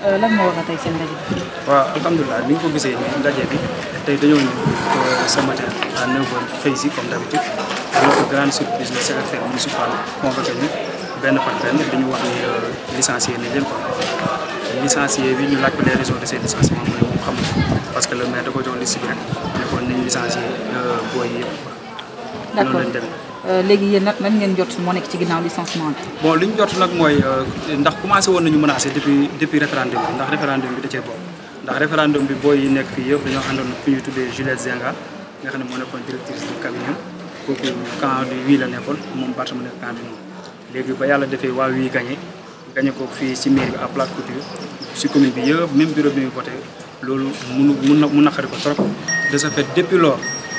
Euh, lan moo waral tey seen ndaje bi. waaw alhamdulilah ni ko gisee ndaje bi tey dañoo ñëw euh, ce matin à 9h xëy si comme d'habitude donc grande surprise le secrétaire municipal convoqué ñu benn par benn dañu wax ni euh, licencié nañ leen quoi. licencié bi ñu laaj ko les raisons de ces licenciements mu ne moom parce que le maire da ko jox liste bi rek ne ko nañ licencié booy yëpp. d'accord noonu lañ demee. Euh, léegi yéen nag nan ngeen jot moo nekk ci ginnaaw licenciement bi. bon li ñu jot nag mooy euh, ndax commencé woon nañu menacé depuis depuis référendum bi ndax référendum bi da cee bokk ndax référendum bi booy yi nekk fii yëpp dañoo àndoon ku ñuy tuddee Juliette Zenga nga xam ne moo nekkoon directrice du cabinet kooku camp wii la nekkoon moom Barthélémy nekk camp du non léegi ba yàlla defee waa wii gagné gagné ko fii si mairie bi à Plate Couture si commune bi yëpp même bureau bi ñu voté loolu mënu mun na mun na xari ko trop de ce fait depuis lors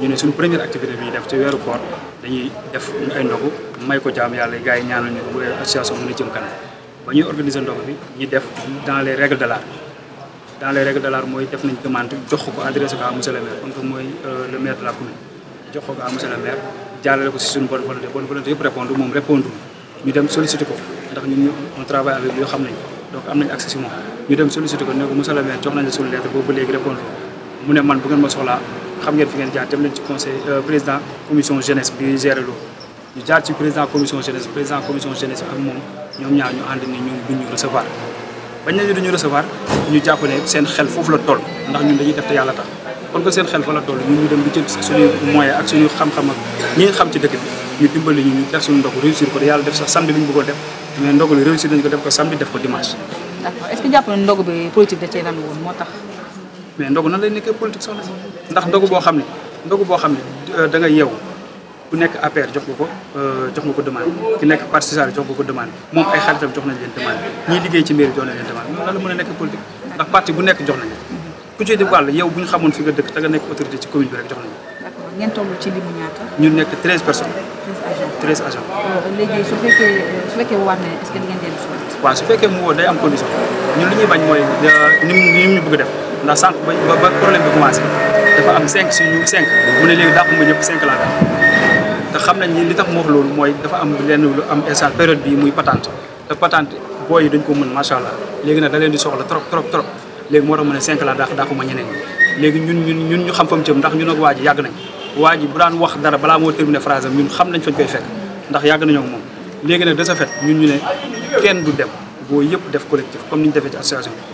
ñu ne suñu première activité bi ñu def ci weeru koor dañuy def ay ndogu may ko jaam yàlla gars yi ñaanal ñu ko bu association mën a jëm kanam ba ñuy organiser ndogu bi ñu def dans les règles de l'art dans de l'art mooy def nañ demande jox ko adressé ko à monsieur le maire euh, la ko à monsieur le maire jàllale ko si suñu bonne répondre moom répondre ñu dem solliciter ko ndax ñun on travaille avec yoo xam nañ donc am nañ accès si ñu dem solliciter ko ne ko monsieur le ne man bu ngeen ma xam ngeen fi ngeen jaar dem nañ ci conseil euh, président commission jeunesse bi géré ñu jaar ci président commission jeunesse président commission jeunesse bi ak ñu ànd ni ñoom duñu recevoir bañ nañu ñu jàpp ne seen xel foofu la toll ndax ñun dañuy def te yàlla tax kon seen xel fa la toll ñun ñu dem di jël suñuy moyen ak suñu xam-xam ak ñi xam ci dëkk bi ñu dimbali ñu ñu suñu ndogu réussir ko yàlla def sax mais ndogu na lay nekkee politique soxna si ndax ndogu boo xam ne ndogu boo xam ne euh, dangay nga yeewu ku nekk APR jox nga ko euh, jox nga ko demande ki nekk parti socialiste jox nga ko demande moom ay xaritam jox nañ leen demande ñiy liggéey ci mairie jox nañ leen demande moom lan la mën a nekk politique ndax parti bu nekk jox nañ ku ci di wàll bu ñu xamoon fi nga dëkk da nga nekk autorité ci commune bi jox nañ ngeen ñu nekk treize personnes. treize agents euh, léegi su fekkee su fekkee war na est-ce que di mu woo day am condition ñun li ñuy bañ mooy ni ñu ni ñu bëgg def ndax sànq ba ba problème bi commencé dafa am cinq suñu cinq mu ne léegi dàq ma ñëpp cinq laa dàq te li tax mu wax loolu mooy dafa am lenn lu am instant bi muy patente te patente yi dañ ko mën macha allah léegi nag da di soxla trop trop trop léegi moo tax mu ne cinq laa ñeneen léegi ñun ñun ñun ñu xam fa mu jëm ndax ñu ak waa ji yàgg nañ waa bu daan wax dara balaa moo terminé phrase ñun xam nañ fañ koy fekk ndax yàgg nañoo moom léegi nag de ce fait ñu ne kenn bu dem boo yëpp def collectif comme ni ñu defee ci association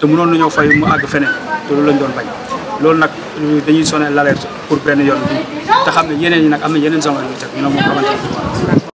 te mënoon nañoo fay mu àgg feneen te loolu lañ doon bañ loolu nag dañuy sonné l'alerte pour benn yoon bi te xam ne yeneen yi nag am na yeneen zone yu ñu teg ñu moom xamante